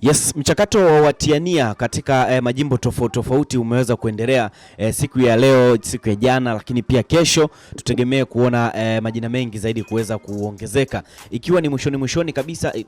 Yes, mchakato wa watiania katika eh, majimbo tofauti tofauti umeweza kuendelea eh, siku ya leo, siku ya jana, lakini pia kesho tutegemee kuona eh, majina mengi zaidi kuweza kuongezeka, ikiwa ni mwishoni mwishoni kabisa. Eh,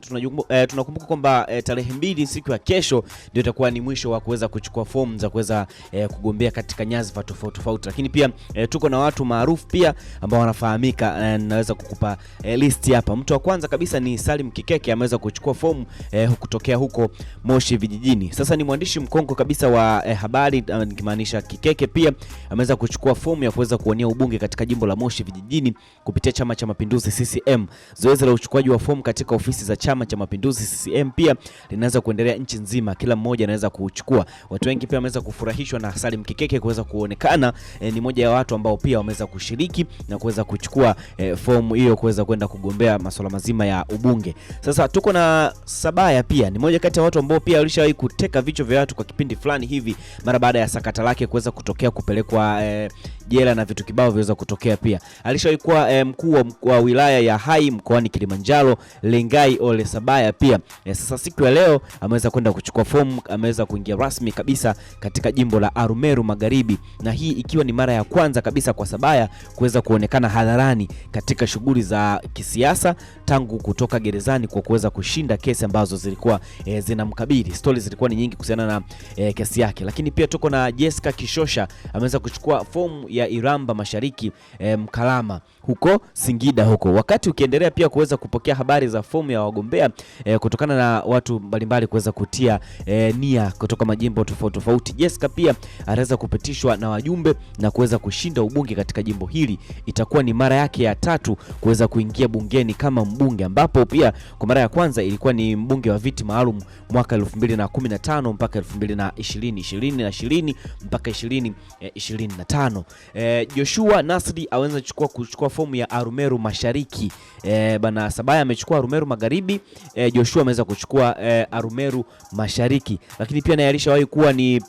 eh, tunakumbuka kwamba eh, tarehe mbili siku ya kesho ndio itakuwa ni mwisho wa kuweza kuchukua fomu za kuweza eh, kugombea katika nyadhifa tofauti tofauti, lakini pia eh, tuko na watu maarufu pia ambao wanafahamika eh, naweza kukupa eh, listi hapa. Mtu wa kwanza kabisa ni Salim Kikeke ameweza kuchukua fomu eh, kutokea huko huko Moshi vijijini. Sasa ni mwandishi mkongo kabisa wa eh, habari ah, nikimaanisha Kikeke, pia ameweza kuchukua fomu ya kuweza kuwania ubunge katika jimbo la Moshi vijijini kupitia Chama cha Mapinduzi CCM. Zoezi la uchukuaji wa fomu katika ofisi za Chama cha Mapinduzi CCM pia linaweza kuendelea nchi nzima, kila mmoja anaweza kuchukua. Watu wengi pia wameweza kufurahishwa na Salim Kikeke kuweza kuonekana eh, ni moja ya watu ambao pia wameweza kushiriki na kuweza kuchukua eh, fomu hiyo kuweza kwenda kugombea masuala mazima ya ubunge. Sasa tuko na Sabaya pia ni moja kati ya watu ambao pia walishawahi kuteka vichwa vya watu kwa kipindi fulani hivi mara baada ya sakata lake kuweza kutokea kupelekwa eh, jela na vitu kibao viweza kutokea. Pia alishawahi kuwa eh, mkuu wa wilaya ya Hai mkoani Kilimanjaro, Lengai Ole Sabaya pia. Eh, sasa siku ya leo ameweza kwenda kuchukua fomu, ameweza kuingia rasmi kabisa katika jimbo la Arumeru Magharibi, na hii ikiwa ni mara ya kwanza kabisa kwa Sabaya kuweza kuonekana hadharani katika shughuli za kisiasa tangu kutoka gerezani kwa kuweza kushinda kesi ambazo zilikuwa e, zinamkabili. Stori zilikuwa ni nyingi kuhusiana na e, kesi yake, lakini pia tuko na Jessica Kishosha ameweza kuchukua fomu ya Iramba Mashariki e, Mkalama huko Singida huko, wakati ukiendelea pia kuweza kupokea habari za fomu ya wagombea e, kutokana na watu mbalimbali kuweza kutia e, nia kutoka majimbo tofauti tofauti. Jessica pia anaweza kupitishwa na wajumbe na kuweza kushinda ubunge katika jimbo hili. Itakuwa ni mara yake ya tatu kuweza kuingia bungeni kama mbunge, ambapo pia kwa mara ya kwanza ilikuwa ni mbunge wa viti maalum mwaka 2015 mpaka 2020 20 na 20 mpaka 2025 e, Joshua Nasri aweza chukua kuchukua fomu ya Arumeru Mashariki. E, eh, bana Sabaya amechukua Arumeru Magharibi, e, Joshua ameweza kuchukua e, Arumeru Mashariki, lakini pia naye alishawahi kuwa ni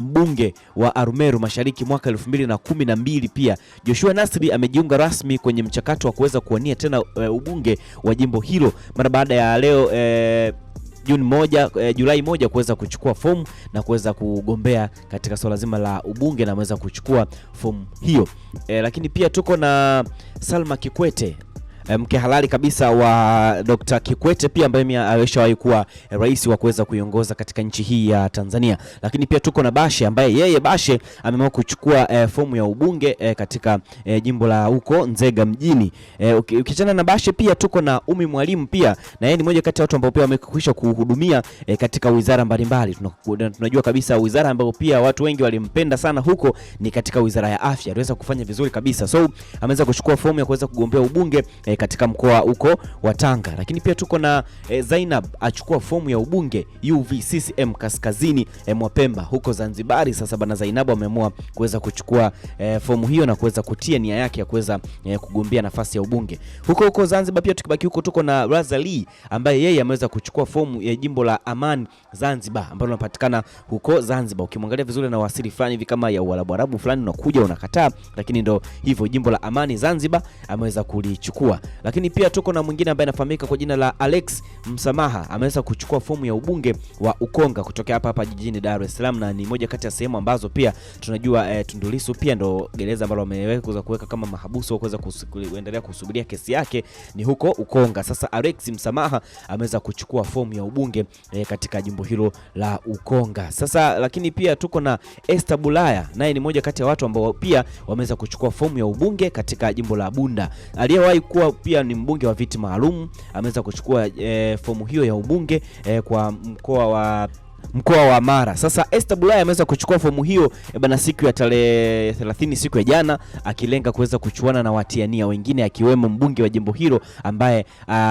mbunge wa Arumeru Mashariki mwaka elfu mbili na kumi na mbili. Pia Joshua Nasri amejiunga rasmi kwenye mchakato wa kuweza kuwania tena e, ubunge wa jimbo hilo mara baada ya leo e, Juni moja, eh, Julai moja kuweza kuchukua fomu na kuweza kugombea katika swala zima la ubunge na ameweza kuchukua fomu hiyo eh, lakini pia tuko na Salma Kikwete Eh, mke halali kabisa wa Dr. Kikwete pia ambaye ameshawahi kuwa rais wa kuweza kuiongoza katika nchi hii ya Tanzania. Lakini pia tuko na Bashe ambaye yeye Bashe ameamua kuchukua eh, fomu ya ubunge eh, katika eh, jimbo la huko Nzega mjini. Eh, ukichana na Bashe pia tuko na Umi Mwalimu pia na yeye ni mmoja kati ya watu ambao pia wamekwisha kuhudumia eh, katika wizara mbalimbali. Tunajua kabisa wizara ambayo pia watu wengi walimpenda sana huko ni katika wizara ya afya. Aliweza kufanya vizuri kabisa. So ameweza kuchukua fomu ya kuweza kugombea ubunge eh, e, katika mkoa huko wa Tanga, lakini pia tuko na e, Zainab achukua fomu ya ubunge UVCCM kaskazini e, eh, mwa Pemba huko Zanzibari. Sasa bana Zainab ameamua kuweza kuchukua e, fomu hiyo na kuweza kutia nia yake ya kuweza e, kugombea nafasi ya ubunge huko huko Zanzibar. Pia tukibaki huko tuko na Razali ambaye yeye ameweza kuchukua fomu ya jimbo la Amani Zanzibar ambalo linapatikana huko Zanzibar. Ukimwangalia vizuri na wasili fulani hivi kama ya Uarabu Arabu fulani unakuja unakataa, lakini ndo hivyo jimbo la Amani Zanzibar ameweza kulichukua. Lakini pia tuko na mwingine ambaye anafahamika kwa jina la Alex Msamaha, ameweza kuchukua fomu ya ubunge wa Ukonga kutokea hapa hapa jijini Dar es Salaam, na ni moja kati ya sehemu ambazo pia tunajua eh, Tundu Lissu pia ndo gereza ambalo wameweza kuweka kama mahabusu kuweza kuendelea kusubiria kesi yake ni huko Ukonga. Sasa Alex Msamaha ameweza kuchukua fomu ya ubunge eh, katika jimbo hilo la Ukonga. Sasa lakini pia tuko na Esther Bulaya, naye ni moja kati ya watu ambao pia wameweza kuchukua fomu ya ubunge katika jimbo la Bunda. Aliyewahi kuwa pia ni mbunge wa viti maalum, ameweza kuchukua e, fomu hiyo ya ubunge e, kwa mkoa wa mkoa wa Mara. Sasa Esther Bulaya ameweza kuchukua fomu hiyo eh, bana siku ya tarehe 30 siku ya jana, akilenga kuweza kuchuana na watiania wengine akiwemo mbunge wa jimbo hilo ambaye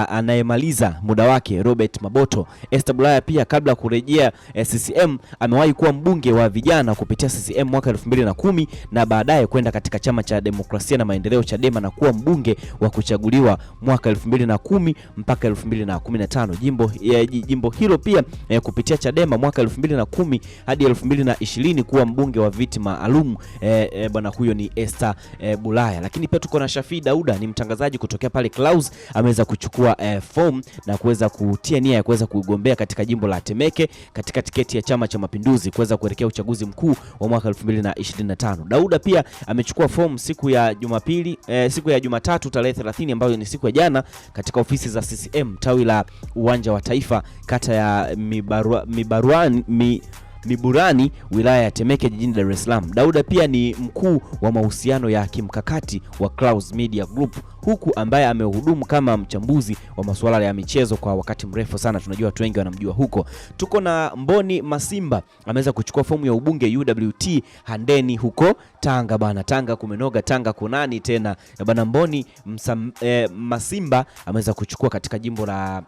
anayemaliza muda wake Robert Maboto. Esther Bulaya pia kabla ya kurejea eh, CCM amewahi kuwa mbunge wa vijana kupitia CCM mwaka 2010 na baadaye kwenda katika chama cha demokrasia na maendeleo Chadema na kuwa mbunge wa kuchaguliwa mwaka 2010 mpaka 2015. Jimbo, eh, jimbo hilo pia eh, kupitia Chadema mwaka 2010 hadi 2020 kuwa mbunge wa viti maalum e, e, bwana huyo ni Esther e, Bulaya. Lakini pia tuko na Shafii Dauda ni mtangazaji kutokea pale Clouds, ameweza kuchukua e, form na kuweza kutia nia ya kuweza kugombea katika jimbo la Temeke katika tiketi ya Chama cha Mapinduzi kuweza kuelekea uchaguzi mkuu wa mwaka 2025. Dauda pia amechukua form siku ya Jumapili e, siku ya Jumatatu tarehe 30 ambayo ni siku ya jana katika ofisi za CCM tawi la Uwanja wa Taifa kata ya Mibarua, Mibarua Miburani, mi, Miburani wilaya ya Temeke jijini Dar es Salaam. Dauda pia ni mkuu wa mahusiano ya kimkakati wa Clouds Media Group huku ambaye amehudumu kama mchambuzi wa masuala ya michezo kwa wakati mrefu sana, tunajua watu wengi wanamjua huko. Tuko na Mboni Masimba ameweza kuchukua fomu ya ubunge UWT Handeni huko Tanga bana. Tanga kumenoga, Tanga kunani tena bana. Mboni Msam, eh, Masimba ameweza kuchukua katika jimbo la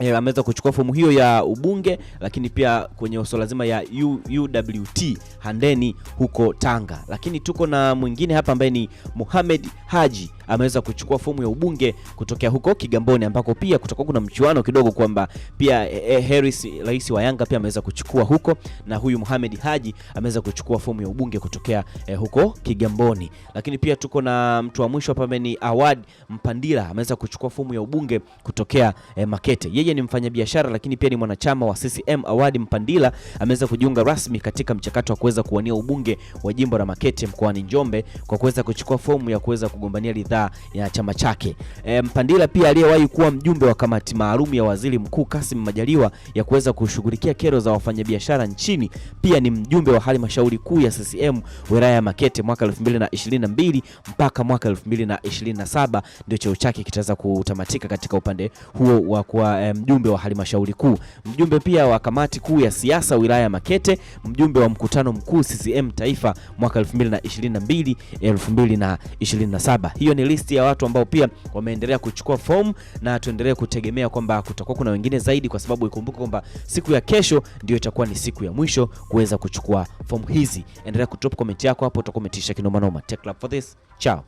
Eh, ameweza kuchukua fomu hiyo ya ubunge, lakini pia kwenye swala zima ya UWT Handeni huko Tanga. Lakini tuko na mwingine hapa ambaye ni Mohamed Haji ameweza kuchukua fomu ya ubunge kutokea huko Kigamboni, ambako pia kutakuwa kuna mchuano kidogo kwamba pia e, e, Harris rais wa Yanga pia ameweza kuchukua huko na huyu Mohamed Haji ameweza kuchukua fomu ya ubunge kutokea e, huko Kigamboni. Lakini pia tuko na mtu wa mwisho hapa ni Awad Mpandila ameweza kuchukua fomu ya ubunge kutokea e, Makete. Yeye ni mfanyabiashara lakini pia ni mwanachama wa CCM. Awad Mpandila ameweza kujiunga rasmi katika mchakato wa kuweza kuwania ubunge wa jimbo la Makete mkoani Njombe kwa kuweza kuchukua fomu ya kuweza kugombania ridhaa ya, ya chama chake. E, Mpandila pia aliyewahi kuwa mjumbe wa kamati maalum ya Waziri Mkuu Kassim Majaliwa ya kuweza kushughulikia kero za wafanyabiashara nchini, pia ni mjumbe wa halmashauri kuu ya CCM wilaya ya Makete mwaka 2022 mpaka mwaka 2027 ndio cheo chake kitaweza kutamatika katika upande huo wa kuwa mjumbe wa halmashauri kuu, mjumbe pia wa kamati kuu ya siasa wilaya ya Makete, mjumbe wa mkutano mkuu CCM taifa mwaka 2022 2027. Hiyo ni list ya watu ambao pia wameendelea kuchukua form, na tuendelee kutegemea kwamba kutakuwa kuna wengine zaidi, kwa sababu ikumbuke kwamba siku ya kesho ndio itakuwa ni siku ya mwisho kuweza kuchukua form hizi. Endelea kudrop comment yako hapo, utakometisha kinomanoma. Take love for this, ciao.